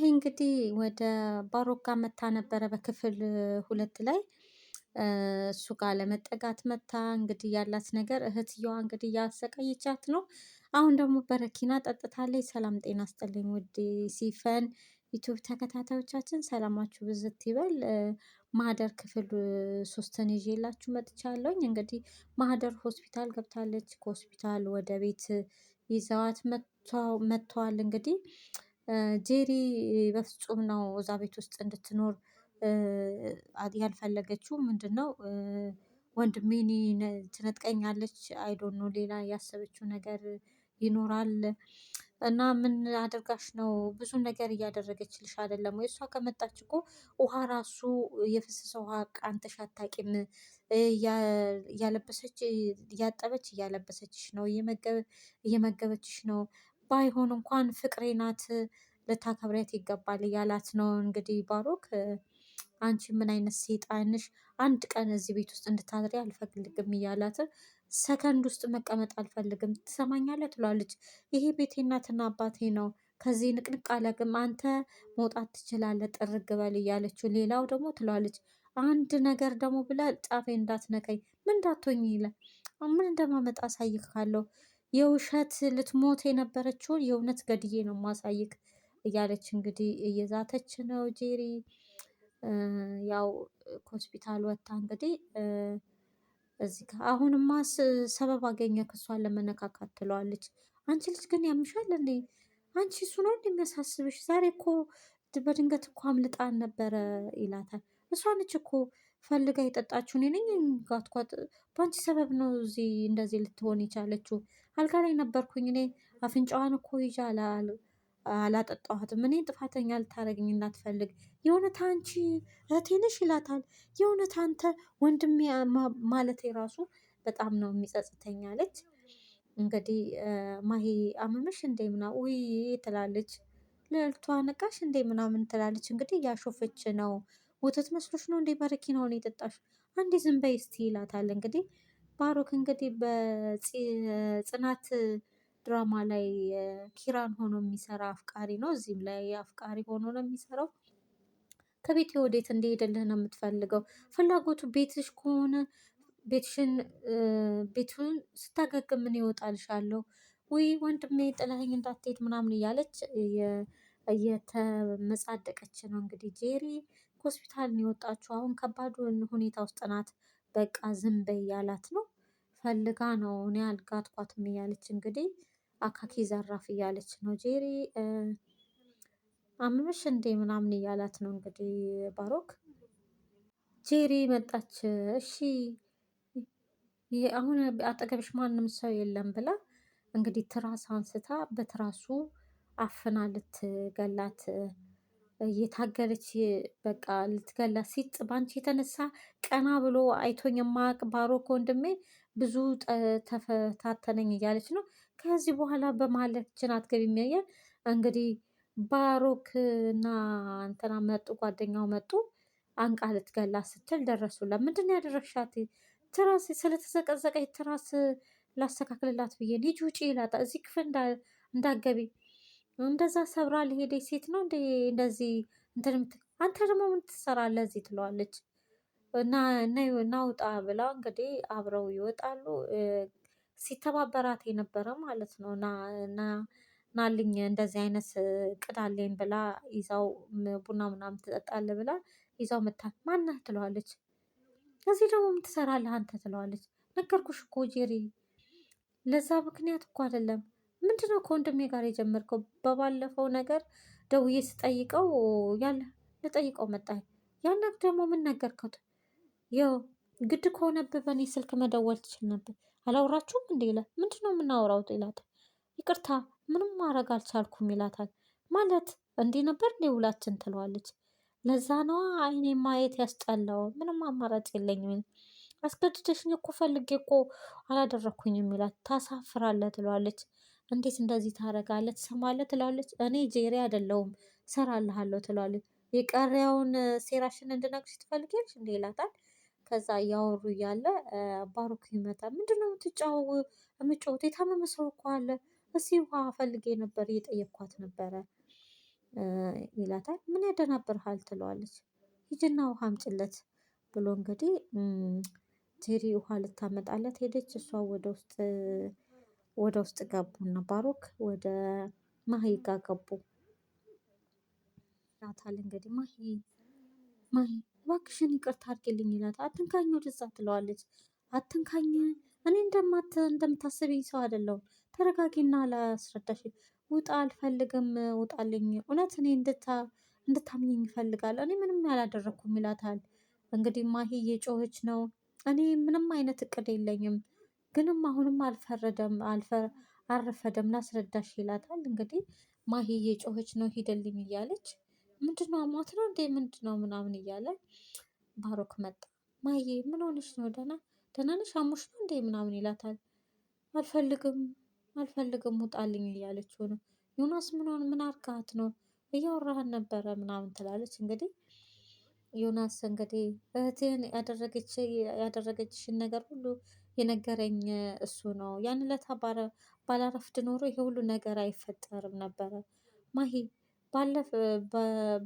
ማሂ እንግዲህ ወደ ባሮክ ጋር መታ ነበረ በክፍል ሁለት ላይ እሱ ጋር ለመጠጋት መታ። እንግዲህ ያላት ነገር እህትየዋ እንግዲህ ያሰቃየቻት ነው። አሁን ደግሞ በረኪና ጠጥታለች። ሰላም ጤና አስጠልኝ። ውድ ሲፈን ዩቱብ ተከታታዮቻችን ሰላማችሁ ብዝት ይበል። ማህደር ክፍል ሶስትን ይዤላችሁ መጥቻለሁኝ። እንግዲህ ማህደር ሆስፒታል ገብታለች። ከሆስፒታል ወደ ቤት ይዘዋት መጥተዋል እንግዲህ ጄሪ በፍጹም ነው እዛ ቤት ውስጥ እንድትኖር ያልፈለገችው ምንድነው? ነው ትነጥቀኛለች አይ ትነጥቀኛለች አይዶኖ ሌላ ያሰበችው ነገር ይኖራል። እና ምን አድርጋሽ ነው ብዙ ነገር እያደረገችልሽ አይደለም ወይ? እሷ ከመጣች እኮ ውሃ ራሱ የፈሰሰ ውሃ ቃንተሽ አታቂም እያለበሰች እያጠበች እያለበሰችሽ ነው እየመገበችሽ ነው ባይሆን እንኳን ፍቅሬ ናት ልታከብሪያት ይገባል እያላት ነው። እንግዲህ ባሮክ አንቺ ምን አይነት ሰይጣን አንድ ቀን እዚህ ቤት ውስጥ እንድታድሪ አልፈልግም እያላት ሰከንድ ውስጥ መቀመጥ አልፈልግም ትሰማኛለህ? ትሏለች ይሄ ቤቴ እናትና አባቴ ነው። ከዚህ ንቅንቅ አለግም፣ አንተ መውጣት ትችላለህ ጥርግ በል እያለችው፣ ሌላው ደግሞ ትሏለች። አንድ ነገር ደግሞ ብላ ጫፌ እንዳትነካኝ ምን እንዳትሆኝ ይለ ምን እንደማመጣ አሳይሃለሁ የውሸት ልትሞት የነበረችውን የእውነት ገድዬ ነው ማሳይቅ እያለች እንግዲህ እየዛተች ነው ጄሪ። ያው ከሆስፒታል ወጥታ እንግዲህ እዚህ ጋር አሁንማ ሰበብ አገኘ ክሷን ለመነካካት ትለዋለች። አንቺ ልጅ ግን ያምሻል እንዴ? አንቺ እሱ ነው እንደሚያሳስብሽ? ዛሬ እኮ በድንገት እኮ አምልጣን ነበረ ይላታል። እሷ ነች እኮ ፈልጋ የጠጣችሁን እኔ ጋትኳት። በአንቺ ሰበብ ነው እዚህ እንደዚህ ልትሆን የቻለችው። አልጋ ላይ ነበርኩኝ እኔ አፍንጫዋን እኮ ይዤ አላጠጣኋትም። እኔን ጥፋተኛ ልታደረግኝ እናትፈልግ። የእውነት አንቺ እህቴ ነሽ ይላታል። የእውነት አንተ ወንድሜ ማለት የራሱ በጣም ነው የሚጸጽተኝ አለች። እንግዲህ ማሄ አመመሽ እንዴ ምና ውይ ትላለች። ልዕልቷ ነቃሽ እንዴ ምናምን ትላለች። እንግዲህ ያሾፈች ነው ወተት መስሎች ነው እንዴ በረኪናውን የጠጣሽ? አንዴ ዝም በይ እስቲ ይላታል። እንግዲህ ባሮክ እንግዲህ በጽናት ድራማ ላይ ኪራን ሆኖ የሚሰራ አፍቃሪ ነው። እዚህም ላይ አፍቃሪ ሆኖ ነው የሚሰራው። ከቤት ወዴት እንደሄደልህ ነው የምትፈልገው። ፍላጎቱ ቤትሽ ከሆነ ቤትሽን ቤቱን ስታገግም ምን ይወጣልሻለሁ ወይ ወንድሜ ጥለኸኝ እንዳትሄድ ምናምን እያለች እየተመጻደቀች ነው። እንግዲህ ጄሪ ሆስፒታል ነው የወጣችው። አሁን ከባድ ሁኔታ ውስጥ ናት። በቃ ዝም በይ እያላት ነው። ፈልጋ ነው እኔ አልጋትኳትም እያለች እንግዲህ አካኪ ዘራፍ እያለች ነው። ጄሪ አመመሽ እንዴ ምናምን እያላት ነው እንግዲህ ባሮክ። ጄሪ መጣች። እሺ አሁን አጠገብሽ ማንም ሰው የለም ብላ እንግዲህ ትራስ አንስታ በትራሱ አፍና ልትገላት እየታገለች በቃ ልትገላ ሲጥ ባንቺ የተነሳ ቀና ብሎ አይቶኝ የማያውቅ ባሮክ ወንድሜ ብዙ ተፈታተነኝ እያለች ነው። ከዚህ በኋላ በመሀላችን አትገቢም የሚያየ እንግዲህ ባሮክ እና እንትና መጡ፣ ጓደኛው መጡ። አንቃ ልትገላ ስትል ደረሱ። ለምንድን ያደረግሻት? ትራስ ስለተዘቀዘቀች ትራስ ላስተካክልላት ብዬ ልጅ ውጪ ይላታ እዚህ ክፍል እንዳገቢ እንደዛ ሰብራ ሊሄደች ሴት ነው እንደ እንደዚህ እንትን አንተ ደግሞ ምን ትሰራለህ እዚህ ትለዋለች። እና እናውጣ ብላ እንግዲህ አብረው ይወጣሉ። ሲተባበራት የነበረ ማለት ነው እና ናልኝ እንደዚህ አይነት ቅዳሌን ብላ ይዛው ቡና ምናምን ትጠጣለህ ብላ ይዛው መታ ማነህ ትለዋለች። እዚህ ደግሞ ምን ትሰራለህ አንተ ትለዋለች። ነገርኩሽ እኮ ጄሪ፣ ለዛ ምክንያት እኮ አይደለም ምንድነው ከወንድሜ ጋር የጀመርከው? በባለፈው ነገር ደውዬ ስጠይቀው ያለ ልጠይቀው መጣ። ያን ደግሞ ምን ነገርከት? ያው ግድ ከሆነብህ በእኔ ስልክ መደወል ትችል ነበር። አላወራችሁም እንዴ ይላል። ምንድነው የምናወራው ይላታል። ይቅርታ ምንም ማድረግ አልቻልኩም ይላታል። ማለት እንዲህ ነበር እንዴ ውላችን ትለዋለች። ለዛ ነዋ አይኔ ማየት ያስጠላው። ምንም አማራጭ የለኝም። አስገድደሽኝ እኮ ፈልጌ እኮ አላደረኩኝም ይላት። ትለዋለች። እንዴት እንደዚህ ታደርጋለህ? ትሰማለህ? ትላለች። እኔ ጄሪ አይደለሁም እሰራልሃለሁ ትላለች። የቀሪያውን ሴራሽን እንድነግርሽ ትፈልጊያለሽ እንዴ ይላታል። ከዛ እያወሩ እያለ ባሩክ ይመጣል። ምንድነው የምትጫወው የምትጫወት የታመመ ሰው እኮ አለ እስኪ ውሃ ፈልጌ ነበር እየጠየኳት ነበረ ይላታል። ምን ያደናብርሃል ትለዋለች። ይጅና ውሃ አምጪለት ብሎ እንግዲህ ጄሪ ውሃ ልታመጣለት ሄደች። እሷ ወደ ውስጥ ወደ ውስጥ ገቡና ባሮክ ወደ ማሂ ጋር ገቡ። ይላታል እንግዲህ ማሂ ማሂ እባክሽን ይቅርታ አድርጊልኝ ይላታል። አትንካኝ ወደዛ ትለዋለች። አትንካኝ እኔ እንደማት እንደምታስብኝ ሰው አይደለሁም። ተረጋጊና ላስረዳሽ። ውጣ አልፈልግም፣ ውጣልኝ። እውነት እኔ እንድታ እንድታምኘኝ ይፈልጋል። እኔ ምንም ያላደረግኩም ይላታል። እንግዲህ ማሂ እየጮኸች ነው። እኔ ምንም አይነት እቅድ የለኝም ግንም አሁንም አልፈረደም አልፈር አልረፈደም ላስረዳሽ ይላታል። እንግዲህ ማሂ እየጮኸች ነው ሂደልኝ እያለች ምንድነው አሟት ነው እንዴ ምንድነው ምናምን እያለ ባሮክ መጣ። ማዬ ምን ሆነሽ ነው? ደህና ደህና ነሽ? አሞሽ ነው እንዴ ምናምን ይላታል። አልፈልግም አልፈልግም ውጣልኝ እያለችው ነው። ዮናስ ምን ሆነ ምን አርካት ነው እያወራህን ነበረ ምናምን ትላለች። እንግዲህ ዮናስ እንግዲህ እህቴን ያደረገች ያደረገችሽን ነገር ሁሉ የነገረኝ እሱ ነው። ያን ለታ ባላረፍድ ኖሮ ይሄ ሁሉ ነገር አይፈጠርም ነበረ። ማሂ ባለፍ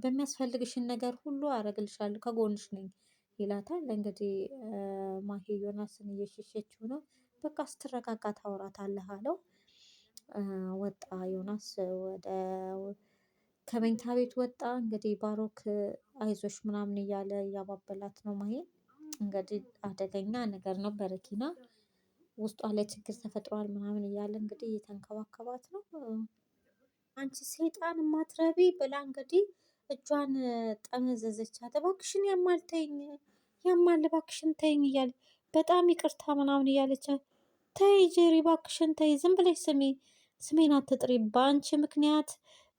በሚያስፈልግሽን ነገር ሁሉ አረግልሻለሁ ከጎንሽ ነኝ ይላታል። እንግዲህ ማሂ ዮናስን እየሸሸችው ነው። በቃ ስትረጋጋ ታወራታለህ አለው። ወጣ ዮናስ ወደ ከመኝታ ቤት ወጣ። እንግዲህ ባሮክ አይዞሽ ምናምን እያለ እያባበላት ነው ማሂን እንግዲህ አደገኛ ነገር ነው። በረኪና ውስጧ ላይ ችግር ተፈጥሯል ምናምን እያለ እንግዲህ እየተንከባከባት ነው። አንቺ ሰይጣን ማትረቢ ብላ እንግዲህ እጇን ጠመዘዘቻት። እባክሽን ያማል ተይኝ፣ ያማል እባክሽን ተይኝ እያለች በጣም ይቅርታ ምናምን እያለቻት ተይ ጄሪ እባክሽን ተይ፣ ዝም ብለሽ ስሚ፣ ስሜን አትጥሪ። በአንቺ ምክንያት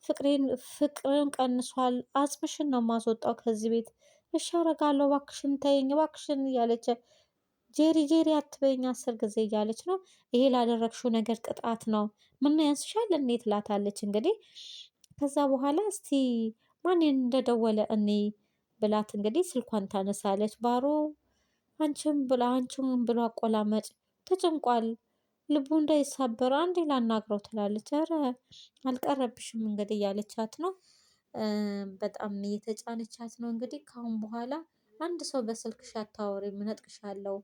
ፍቅሬን ፍቅርን ቀንሷል። አጽምሽን ነው ማስወጣው ከዚህ ቤት እሺ አደርጋለሁ እባክሽን ተይኝ እባክሽን እያለች ጄሪ ጄሪ አትበይኝ አስር ጊዜ እያለች ነው። ይሄ ላደረግሽው ነገር ቅጣት ነው። ምን ያንስሻል እኔ ትላታለች። እንግዲህ ከዛ በኋላ እስቲ ማን እንደደወለ እኔ ብላት እንግዲህ ስልኳን ታነሳለች። ባሮ አንቺም ብላ አንቺም ብሎ አቆላመጭ ተጨንቋል ልቡ እንዳይሳበር አንዴ ላናግረው ትላለች። ኧረ አልቀረብሽም እንግዲህ እያለቻት ነው። በጣም እየተጫነቻት ነው እንግዲህ ካሁን በኋላ አንድ ሰው በስልክሽ አታወሪም እነጥቅሻለሁ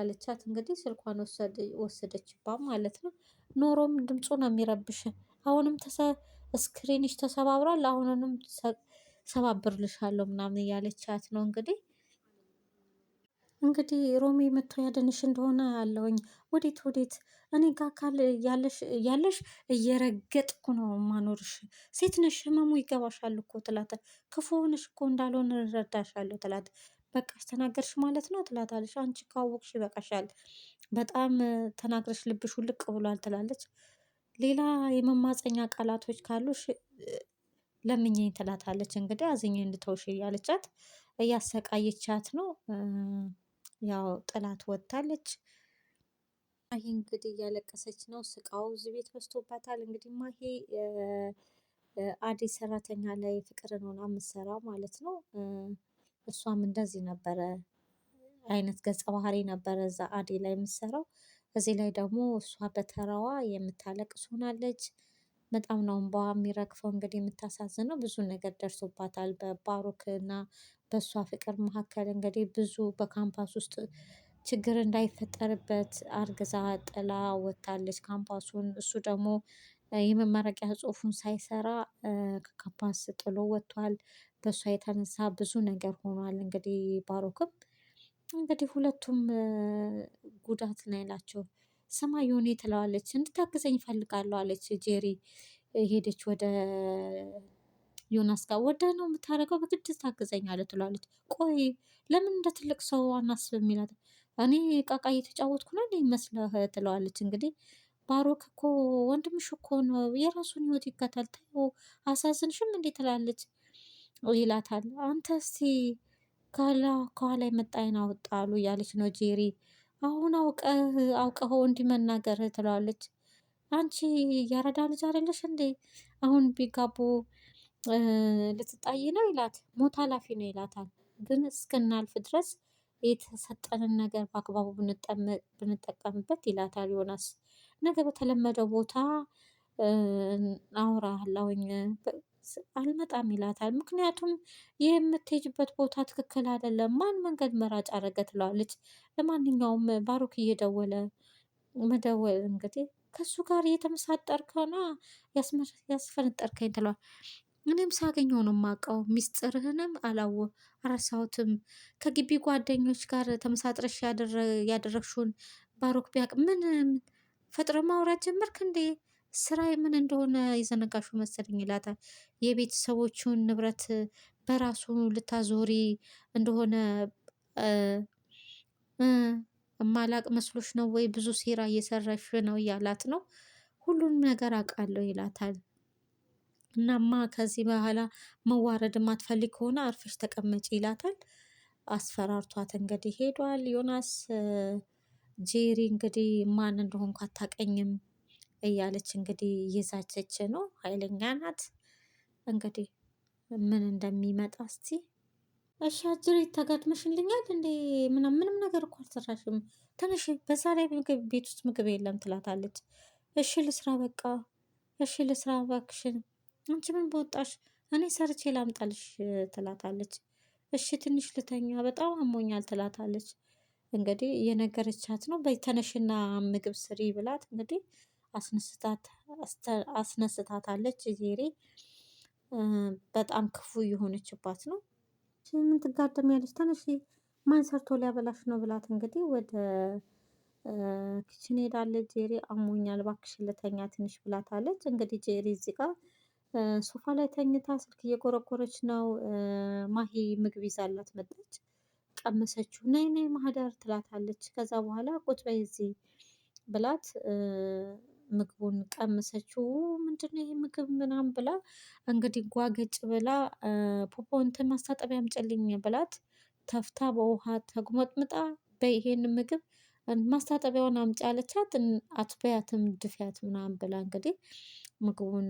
አለቻት። እንግዲህ ስልኳን ወሰደችባት ማለት ነው። ኖሮም ድምፁ ነው የሚረብሽ። አሁንም ስክሪንሽ ተሰባብሯል አሁንንም ሰባብርልሻለሁ ምናምን እያለቻት ነው እንግዲህ እንግዲህ ሮሚ መጥቶ ያደንሽ እንደሆነ አለውኝ። ወዴት ወዴት እኔ ጋ ካል ያለሽ ያለሽ እየረገጥኩ ነው ማኖርሽ። ሴት ነሽ ህመሙ ይገባሻል እኮ ትላት። ክፉ ሆነሽ እኮ እንዳልሆን እረዳሻለሁ ትላት። በቃ ተናገርሽ ማለት ነው ትላታለች። አንቺ ካወቅሽ ይበቃሻል፣ በጣም ተናግረሽ ልብሽ ውልቅ ብሏል ትላለች። ሌላ የመማፀኛ ቃላቶች ካሉሽ ለምኝኝ ትላታለች። እንግዲህ አዝኜ እንድተውሽ እያለቻት እያሰቃየቻት ነው። ያው ጥላት ወጥታለች። ይህ እንግዲህ እያለቀሰች ነው። ስቃው እዚህ ቤት በዝቶባታል። እንግዲህ ማሂ አዲስ ሰራተኛ ላይ ፍቅርን ሆና የምትሰራው ማለት ነው። እሷም እንደዚህ ነበረ አይነት ገጸ ባህሪ ነበረ እዛ አዴ ላይ የምትሰራው። እዚህ ላይ ደግሞ እሷ በተራዋ የምታለቅስ ሆናለች። በጣም ነው እንባዋ የሚረግፈው። እንግዲህ የምታሳዝነው ብዙ ነገር ደርሶባታል በባሮክ እና በእሷ ፍቅር መካከል እንግዲህ ብዙ በካምፓስ ውስጥ ችግር እንዳይፈጠርበት አርግዛ ጥላ ወታለች ካምፓሱን እሱ ደግሞ የመመረቂያ ጽሁፉን ሳይሰራ ከካምፓስ ጥሎ ወጥቷል። በእሷ የተነሳ ብዙ ነገር ሆኗል። እንግዲህ ባሮክም እንግዲህ ሁለቱም ጉዳት ነው ያላቸው። ስማ የሆነ ትለዋለች እንድታግዘኝ እፈልጋለሁ አለች ጄሪ ሄደች ወደ ዮናስ ጋር ወደህ ነው የምታደርገው፣ በግድ ታግዘኝ አለ ትሏለች። ቆይ ለምን እንደ ትልቅ ሰው አናስብም ይላት። እኔ ቃቃ እየተጫወትኩ ነው ይመስልህ ትለዋለች። እንግዲህ ባሮክ እኮ ወንድምሽ እኮ ነው የራሱን ህይወት ይከተል ተይው፣ አሳዝንሽም እንዴ ትላለች ይላታል። አንተ እስቲ ከኋላ ከኋላ የመጣይን አውጣሉ እያለች ነው ጄሪ። አሁን አውቀህ አውቀኸው እንዲህ መናገር ትለዋለች። አንቺ ያረዳ ልጅ አይደለሽ እንዴ? አሁን ቢጋቡ ልትጣይ ነው ይላት ሞት ኃላፊ ነው ይላታል። ግን እስክናልፍ ድረስ የተሰጠንን ነገር በአግባቡ ብንጠቀምበት ይላታል ዮናስ። ነገ በተለመደው ቦታ አውራለሁኝ አልመጣም ይላታል። ምክንያቱም ይህ የምትሄጅበት ቦታ ትክክል አይደለም፣ ማን መንገድ መራጭ አረገ ትለዋለች። ለማንኛውም ባሮክ እየደወለ መደወል እንግዲህ ከሱ ጋር እየተመሳጠርከና ያስፈነጠርከኝ ትለዋል እኔም ሳገኘው ነው የማውቀው። ሚስጥርህንም አላወ አረሳሁትም። ከግቢ ጓደኞች ጋር ተመሳጥረሽ ያደረግሽውን ባሮክ ቢያቅ ምን ፈጥሮ ማውራት ጀመርክ እንዴ? ስራ ምን እንደሆነ የዘነጋሹ መሰለኝ ይላታል። የቤተሰቦቹን ንብረት በራሱ ልታዞሪ እንደሆነ ማላቅ መስሎች ነው ወይ? ብዙ ሴራ እየሰራሽ ነው እያላት ነው። ሁሉንም ነገር አውቃለሁ ይላታል። እናማ ከዚህ በኋላ መዋረድ ማትፈልግ ከሆነ አርፈሽ ተቀመጭ ይላታል። አስፈራርቷት እንግዲህ ሄዷል። ዮናስ ጄሪ እንግዲህ ማን እንደሆን አታቀኝም እያለች እንግዲህ እየዛቸች ነው። ኃይለኛ ናት እንግዲህ ምን እንደሚመጣ እስቲ እሺ አጅሬ ተጋድመሽልኛል እንዴ? ምንም ነገር እኮ አልሰራሽም። ትንሽ በዛ ላይ ምግብ ቤት ውስጥ ምግብ የለም ትላታለች። እሺ ልስራ በቃ እሺ ልስራ እባክሽን አንቺ ምን በወጣሽ? እኔ ሰርቼ ላምጣልሽ ትላታለች። እሺ ትንሽ ልተኛ በጣም አሞኛል ትላታለች። እንግዲህ የነገረቻት ነው በተነሽና ምግብ ስሪ ብላት እንግዲህ አስነስታታለች። ዜሬ በጣም ክፉ የሆነችባት ነው። ምን ትጋደም ያለች ተነሽ፣ ማን ሰርቶ ሊያበላሽ ነው ብላት እንግዲህ ወደ ክችን ሄዳለች። ጄሪ አሞኛል እባክሽ ልተኛ ትንሽ ብላታለች። እንግዲህ ጄሪ እዚህ ጋር ሶፋ ላይ ተኝታ ስልክ እየቆረቆረች ነው። ማሂ ምግብ ይዛላት መጣች። ቀመሰችው። ነይ ነይ ማህደር ትላታለች። ከዛ በኋላ ቁጭ በይ እዚህ ብላት ምግቡን ቀመሰችው። ምንድነው ይህ ምግብ ምናምን ብላ እንግዲህ ጓገጭ ብላ ፖፖንትን ማስታጠቢያ አምጪልኝ ብላት ተፍታ በውሃ ተጉመጥምጣ በይሄን ምግብ ማስታጠቢያውን አምጪ አለቻት። አትበያትም ድፊያት ምናምን ብላ እንግዲህ ምግቡን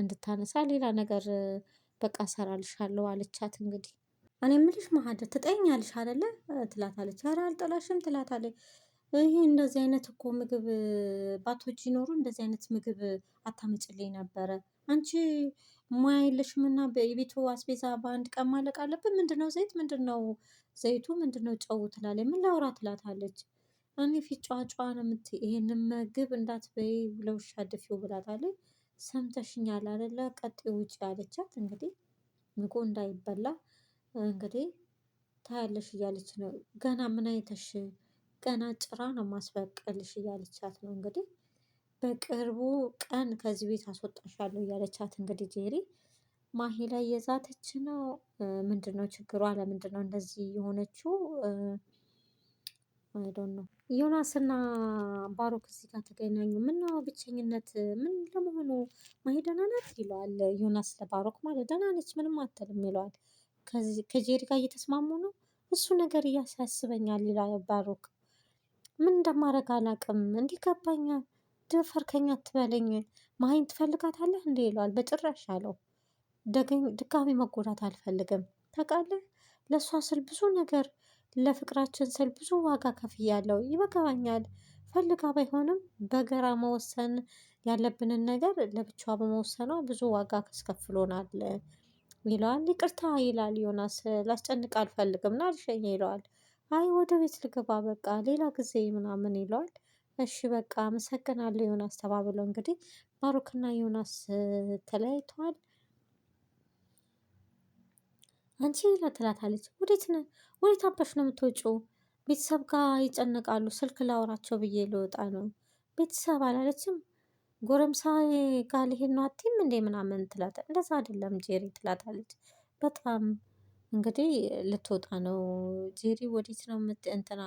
እንድታነሳ ሌላ ነገር በቃ ሰራልሻለሁ አለቻት። እንግዲህ እኔ የምልሽ ማህደር ትጠይኛለሽ አይደለ ትላታለች። ኧረ አልጠላሽም ትላታለች። ይሄ እንደዚህ አይነት እኮ ምግብ ባቶች ይኖሩ እንደዚህ አይነት ምግብ አታመጭልኝ ነበረ አንቺ ሙያ የለሽምና የቤቱ አስቤዛ በአንድ ቀን ማለቅ አለብን። ምንድነው ዘይት ምንድነው ዘይቱ ምንድነው ጨው ትላለች። ምን ላውራ ትላታለች። እኔ ፊት ጫዋጫዋ ነው የምትይ ይሄንን ምግብ እንዳትበይ ለውሻ ድፊው ብላታለች። ሰምተሽኛል አይደለ ቀጥይ ውጭ አለቻት እንግዲህ ንቁ እንዳይበላ እንግዲህ ታያለሽ እያለች ነው ገና ምን አይተሽ ገና ጭራ ነው ማስበቀልሽ እያለቻት ነው እንግዲህ በቅርቡ ቀን ከዚህ ቤት አስወጣሻለሁ እያለቻት እንግዲህ ጄሪ ማሂ ላይ የዛተች ነው ምንድነው ችግሯ ለምንድነው እንደዚህ የሆነችው? አይዶን ነው ዮናስና ባሮክ እዚህ ጋር ተገናኙ። ምነው ብቸኝነት ምን ለመሆኑ ማሂ ደህና ናት ይለዋል ዮናስ ለባሮክ ማለት ደህና ነች ምንም አትልም ይለዋል። ከጄሪ ጋር እየተስማሙ ነው እሱ ነገር እያሳስበኛል ይላል ባሮክ። ምን እንደማደርግ አላውቅም እንዲህ ገባኝ ትበለኝ አትበለኝ ማሂን ትፈልጋታለህ እንዴ ይለዋል። በጭራሽ አለው ደጋሚ መጎዳት አልፈልግም ታውቃለህ ለእሷ ስል ብዙ ነገር ለፍቅራችን ስል ብዙ ዋጋ ከፍያለሁ ይበቃኛል። ፈልጋ ባይሆንም በገራ መወሰን ያለብንን ነገር ለብቻዋ በመወሰኗ ብዙ ዋጋ አስከፍሎናል። ይለዋል ይቅርታ ይላል ዮናስ ላስጨንቅ አልፈልግም ና ልሸኝ ይለዋል። አይ ወደ ቤት ልግባ በቃ ሌላ ጊዜ ምናምን ይለዋል። እሺ በቃ አመሰግናለሁ ዮናስ ተባብለው እንግዲህ ማሩክና ዮናስ ተለያይተዋል አንቺ ትላታለች። ወዴት ነው ወዴት አባሽ ነው የምትወጪው? ቤተሰብ ጋር ይጨነቃሉ። ስልክ ላወራቸው ብዬ ልወጣ ነው። ቤተሰብ አላለችም። ጎረምሳ ጋር ልሄድ ነው አትይም እንዴ ምናምን ትላታ። እንደዛ አይደለም ጄሪ ትላታለች። በጣም እንግዲህ ልትወጣ ነው ጄሪ። ወዴት ነው እንትና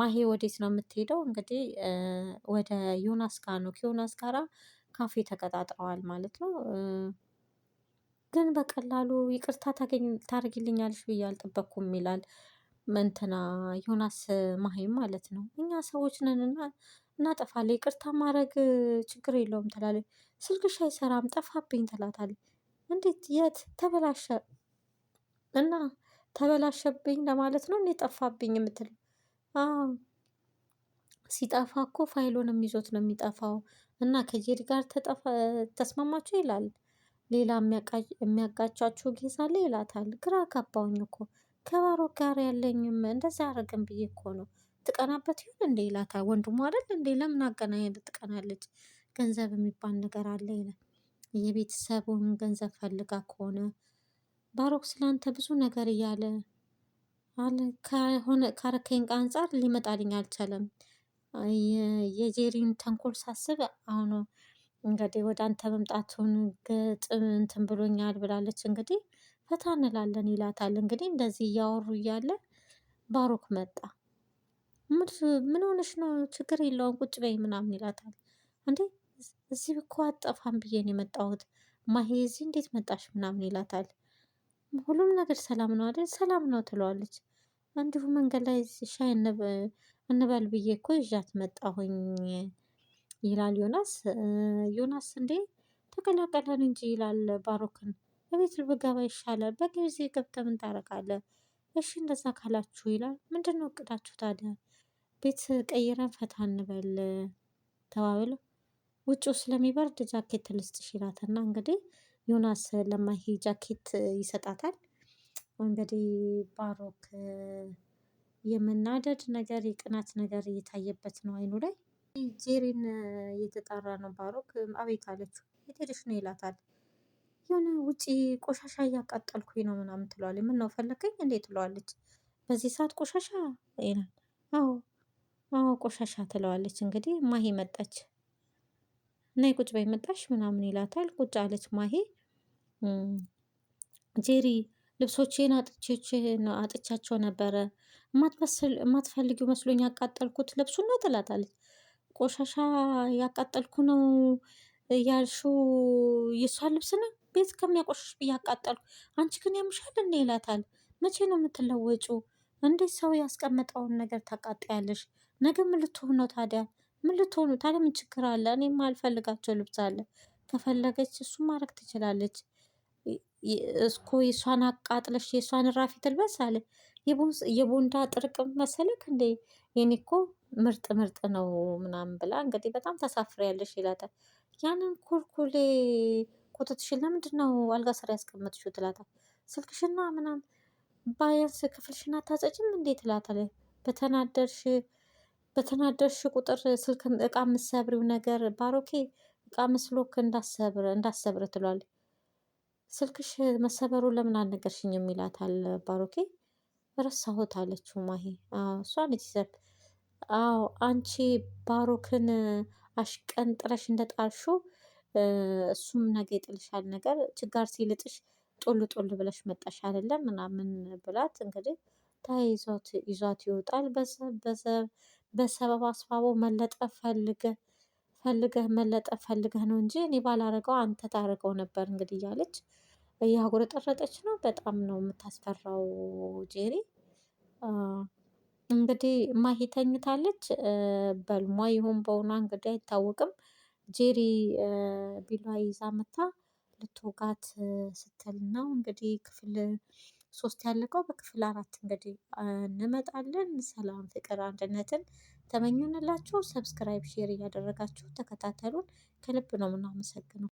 ማሄ ወዴት ነው የምትሄደው? እንግዲህ ወደ ዮናስ ጋር ነው። ከዮናስ ጋራ ካፌ ተቀጣጥረዋል ማለት ነው። ግን በቀላሉ ይቅርታ ታገኝ ብዬ አልጠበቅኩም ይላል መንትና ዮናስ ማሂም ማለት ነው። እኛ ሰዎች ነንና እናጠፋለን፣ ይቅርታ ማድረግ ችግር የለውም ትላለች። ስልክሽ አይሰራም ጠፋብኝ ትላታለች። እንዴት የት ተበላሸ እና ተበላሸብኝ ለማለት ነው እንዴ ጠፋብኝ የምትል ሲጠፋ እኮ ፋይሎንም ይዞት ነው የሚጠፋው እና ከጄድ ጋር ተስማማችሁ ይላል ሌላ የሚያጋጫችሁ ጌዛ አለ ይላታል። ግራ ካባውኝ እኮ ከባሮ ጋር ያለኝም እንደዛ አረገን ብዬ እኮ ነው። ትቀናበት ይሁን እንደ ይላታል። ወንድሙ አይደል እንዴ ለምን አገናኝ ትቀናለች? ገንዘብ የሚባል ነገር አለ ይላል። የቤተሰቡን ገንዘብ ፈልጋ ከሆነ ባሮክ ስላንተ ብዙ ነገር እያለ አለ ከሆነ ካረከኝ አንጻር ሊመጣልኝ አልቻለም። የጄሪን ተንኮል ሳስብ አሁኑ እንግዲህ ወደ አንተ መምጣቱን ግጥም እንትን ብሎኛል ብላለች እንግዲህ ፈታ እንላለን ይላታል። እንግዲህ እንደዚህ እያወሩ እያለ ባሮክ መጣ። ምን ሆነሽ ነው? ችግር የለውም ቁጭ በይ ምናምን ይላታል። እንዴ እዚህ እኮ አጠፋም ብዬ ነው የመጣሁት ማሄ እዚህ እንዴት መጣሽ? ምናምን ይላታል። ሁሉም ነገር ሰላም ነው አይደል? ሰላም ነው ትለዋለች። እንዲሁ መንገድ ላይ ሻይ እንበል ብዬ እኮ ይዣት መጣሁኝ ይላል ዮናስ። ዮናስ እንዴ ተቀላቀለን እንጂ ይላል ባሮክን። እቤት ብገባ ይሻላል፣ በጊዜ ገብተ ምን ታረቃለህ? እሺ እንደዛ ካላችሁ ይላል። ምንድን ነው እቅዳችሁ ታዲያ? ቤት ቀይረን ፈታ እንበል ተባብለው ውጭው ስለሚበርድ ጃኬት ልስጥሽ ይላትና እንግዲህ ዮናስ ለማሂ ጃኬት ይሰጣታል። እንግዲህ ባሮክ የመናደድ ነገር የቅናት ነገር እየታየበት ነው አይኑ ላይ። ጄሪን እየተጣራ ነው። ባሮክ አቤት አለችው። የት ሄደሽ ነው ይላታል። የሆነ ውጪ ቆሻሻ እያቃጠልኩኝ ነው ምናምን ትለዋለች። ምን ነው ፈለከኝ እንዴ ትለዋለች። በዚህ ሰዓት ቆሻሻ ይላል። አዎ አዎ ቆሻሻ ትለዋለች። እንግዲህ ማሂ መጣች። ነይ ቁጭ በይ መጣሽ ምናምን ይላታል። ቁጭ አለች ማሂ። ጄሪ ልብሶቼን አጥቻቸው ነበረ፣ የማትፈልጊው መስሎኝ ያቃጠልኩት ልብሱን ነው ትላታለች። ቆሻሻ ያቃጠልኩ ነው ያልሺው የሷ ልብስ ነው ቤት ከሚያቆሽሽ ብዬ አቃጠልኩ። አንቺ ግን ያምሻል እንዴ ይላታል። መቼ ነው የምትለወጪው? እንዴት ሰው ያስቀመጠውን ነገር ታቃጥያለሽ? ነገ ምን ልትሆኑ ነው ታዲያ? ምን ልትሆኑ ታዲያ? ምን ችግር አለ? እኔ ማልፈልጋቸው ልብስ አለ። ከፈለገች እሱ ማድረግ ትችላለች። እስኩ የሷን አቃጥለሽ የሷን ራፊ ትልበስ አለ። የቦንዳ ጥርቅም መሰለክ እንዴ የኔ እኮ ምርጥ ምርጥ ነው ምናምን ብላ እንግዲህ በጣም ያለሽ ይላታል። ያንን ኩልኩሌ ኮተትሽን ለምንድን ነው አልጋ ስራ ያስቀመጥሽው ትላታል። ስልክሽና ምናም ባያንስ ክፍልሽና ታጸጭም እንዴ ትላታል። በተናደርሽ በተናደርሽ ቁጥር ስልክ እቃ የምትሰብሪው ነገር ባሮኬ እቃ ምስሎክ እንዳሰብር እንዳሰብር ትሏል። ስልክሽ መሰበሩ ለምን አልነገርሽኝም? ይላታል ባሮኬ። ረሳሁት አለችው ማሄ። እሷ ነች ይዘት። አዎ አንቺ ባሮክን አሽቀንጥረሽ እንደጣልሹ እሱም ነገ ይጥልሻል። ነገር ችጋር ሲልጥሽ ጦል ጦል ብለሽ መጣሽ አይደለም ምናምን ብላት እንግዲህ ተያይዟት ይዟት ይወጣል። በሰበብ አስፋቦ መለጠፍ ፈልገ ፈልገህ መለጠፍ ፈልገህ ነው እንጂ እኔ ባላረገው አንተ ታረገው ነበር እንግዲህ እያለች እያጉረጠረጠች ነው። በጣም ነው የምታስፈራው ጄሪ። እንግዲህ እማዬ ተኝታለች። በልሟ ይሁን በሆኗ እንግዲህ አይታወቅም። ጄሪ ቢሏ ይዛ መታ ልትወጋት ስትል ነው እንግዲህ ክፍል ሶስት ያለቀው። በክፍል አራት እንግዲህ እንመጣለን። ሰላም፣ ፍቅር፣ አንድነትን ተመኙንላችሁ። ሰብስክራይብ፣ ሼር እያደረጋችሁ ተከታተሉን። ከልብ ነው የምናመሰግነው።